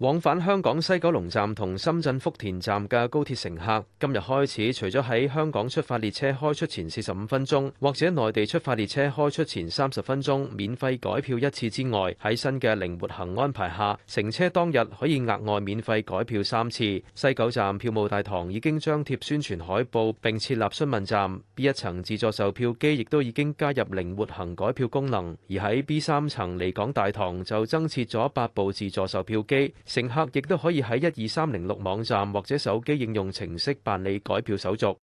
往返香港西九龍站同深圳福田站嘅高鐵乘客，今日開始，除咗喺香港出發列車開出前四十五分鐘，或者內地出發列車開出前三十分鐘，免費改票一次之外，喺新嘅靈活行安排下，乘車當日可以額外免費改票三次。西九站票務大堂已經張貼宣傳海報，並設立詢問站。B 一層自助售票機亦都已經加入靈活行改票功能，而喺 B 三層離港大堂就增設咗八部自助售票機。乘客亦都可以喺一二三零六網站或者手機應用程式辦理改票手續。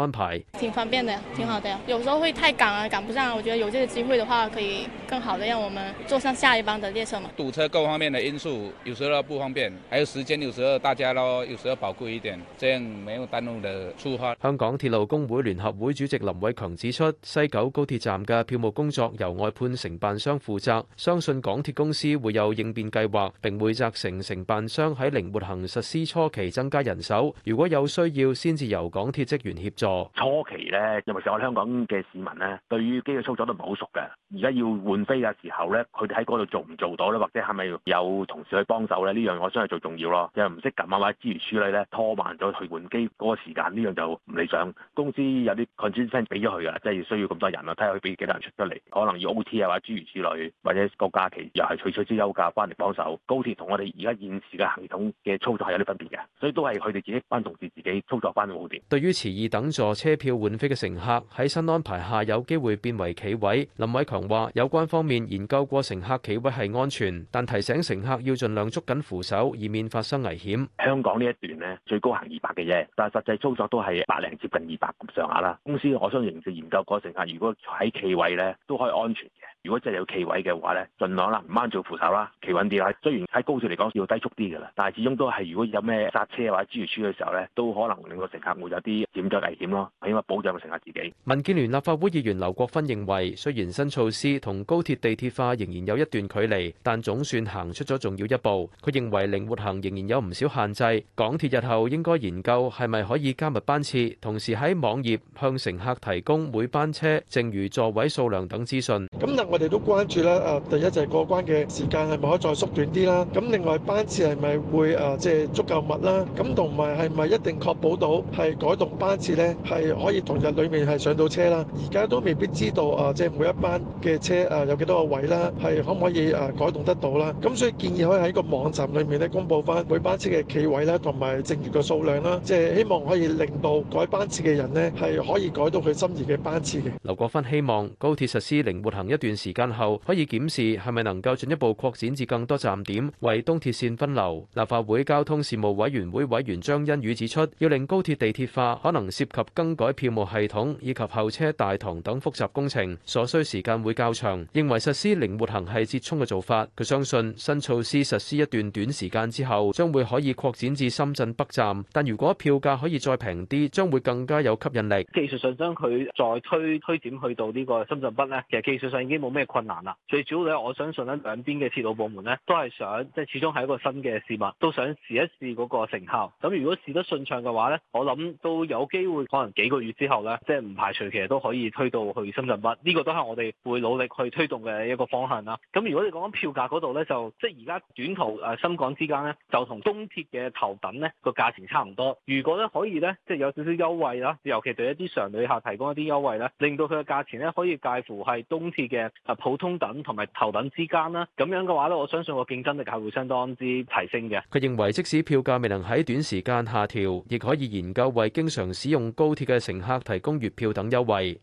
安排，挺方便的，挺好的。有時候會太趕啊，趕不上。我覺得有這個機會的話，可以更好的讓我們坐上下一班的列車嘛。堵車各方面的因素，有時候不方便，還有時間有時候大家咯，有時候寶貴一點，這樣沒有耽誤的出發。香港鐵路工會聯合會主席林偉強指出，西九高鐵站嘅票務工作由外判承辦商負責，相信港鐵公司會有應變計劃，並會責成承辦商喺靈活行實施初期增加人手，如果有需要，先至由港鐵職員協助。初期咧，尤其是我香港嘅市民咧，對於機嘅操作都唔係好熟嘅。而家要換飛嘅時候咧，佢哋喺嗰度做唔做到咧，或者係咪有同事去幫手咧？呢樣我真係最重要咯。因為唔識撳啊，或者諸如此類咧，拖慢咗去換機嗰個時間，呢樣就唔理想。公司有啲擴張薪俾咗佢噶，即係需要咁多人咯。睇下佢俾幾多人出出嚟，可能要 O T 啊，或者諸如此類，或者個假期又係取取之休假翻嚟幫手。高鐵同我哋而家現時嘅系統嘅操作係有啲分別嘅，所以都係佢哋自己班同事自己操作翻好啲。對於遲二等。坐車票換飛嘅乘客喺新安排下有機會變為企位。林偉強話：有關方面研究過乘客企位係安全，但提醒乘客要盡量捉緊扶手，以免發生危險。香港呢一段呢，最高行二百嘅嘢，但實際操作都係百零接近二百咁上下啦。公司我相當然就研究過乘客如果喺企位呢，都可以安全嘅。如果真係有企位嘅話咧，儘量啦，唔掹住扶手啦，企穩啲啦。雖然喺高鐵嚟講要低速啲嘅啦，但係始終都係如果有咩剎車或者車廂嘅時候咧，都可能令到乘客會有啲潛在危險咯，起碼保障乘客自己。民建聯立法會議員劉國勳認為，雖然新措施同高鐵地鐵化仍然有一段距離，但總算行出咗重要一步。佢認為靈活行仍然有唔少限制，港鐵日後應該研究係咪可以加密班次，同時喺網頁向乘客提供每班車正餘座位數量等資訊。咁就。我哋都關注啦，誒第一就係過關嘅時間係咪可以再縮短啲啦？咁另外班次係咪會誒即係足夠密啦？咁同埋係咪一定確保到係改動班次咧，係可以同日裡面係上到車啦？而家都未必知道誒，即係每一班嘅車誒有幾多個位啦，係可唔可以誒改動得到啦？咁所以建議可以喺個網站裡面咧公佈翻每班車嘅企位啦，同埋剩餘嘅數量啦，即係希望可以令到改班次嘅人咧係可以改到佢心儀嘅班次嘅。劉國芬希望高鐵實施靈活行一段時間後，可以檢視係咪能夠進一步擴展至更多站點，為東鐵線分流。立法會交通事務委員會委員張欣宇指出，要令高鐵地鐵化，可能涉及更改票務系統，以及候車大堂等複雜工程，所需時間會較長，認為實施靈活行係折衷嘅做法。佢相信，新措施實施一段短時間之後，將會可以擴展至深圳北站，但如果票價可以再平啲，將會更加有吸引力。技術上將佢再推推展去到呢個深圳北，其實技術上已經冇 imérica imera 咩困難呀？最主要咧，我相信咧，兩邊嘅鐵路部門咧，都係想即係始終係一個新嘅事物，都想試一試嗰個成效。咁如果試得順暢嘅話咧，我諗都有機會，可能幾個月之後咧，即係唔排除其實都可以推到去深圳北。呢個都係我哋會努力去推動嘅一個方向啦。咁如果你講緊票價嗰度咧，就即係而家短途誒、啊，深港之間咧，就同東鐵嘅頭等咧個價錢差唔多。如果咧可以咧，即係有少少優惠啦，尤其對一啲常旅客提供一啲優惠咧，令到佢嘅價錢咧可以介乎係東鐵嘅。啊，普通等同埋頭等之間啦，咁樣嘅話咧，我相信個競爭力係會相當之提升嘅。佢認為，即使票價未能喺短時間下調，亦可以研究為經常使用高鐵嘅乘客提供月票等優惠。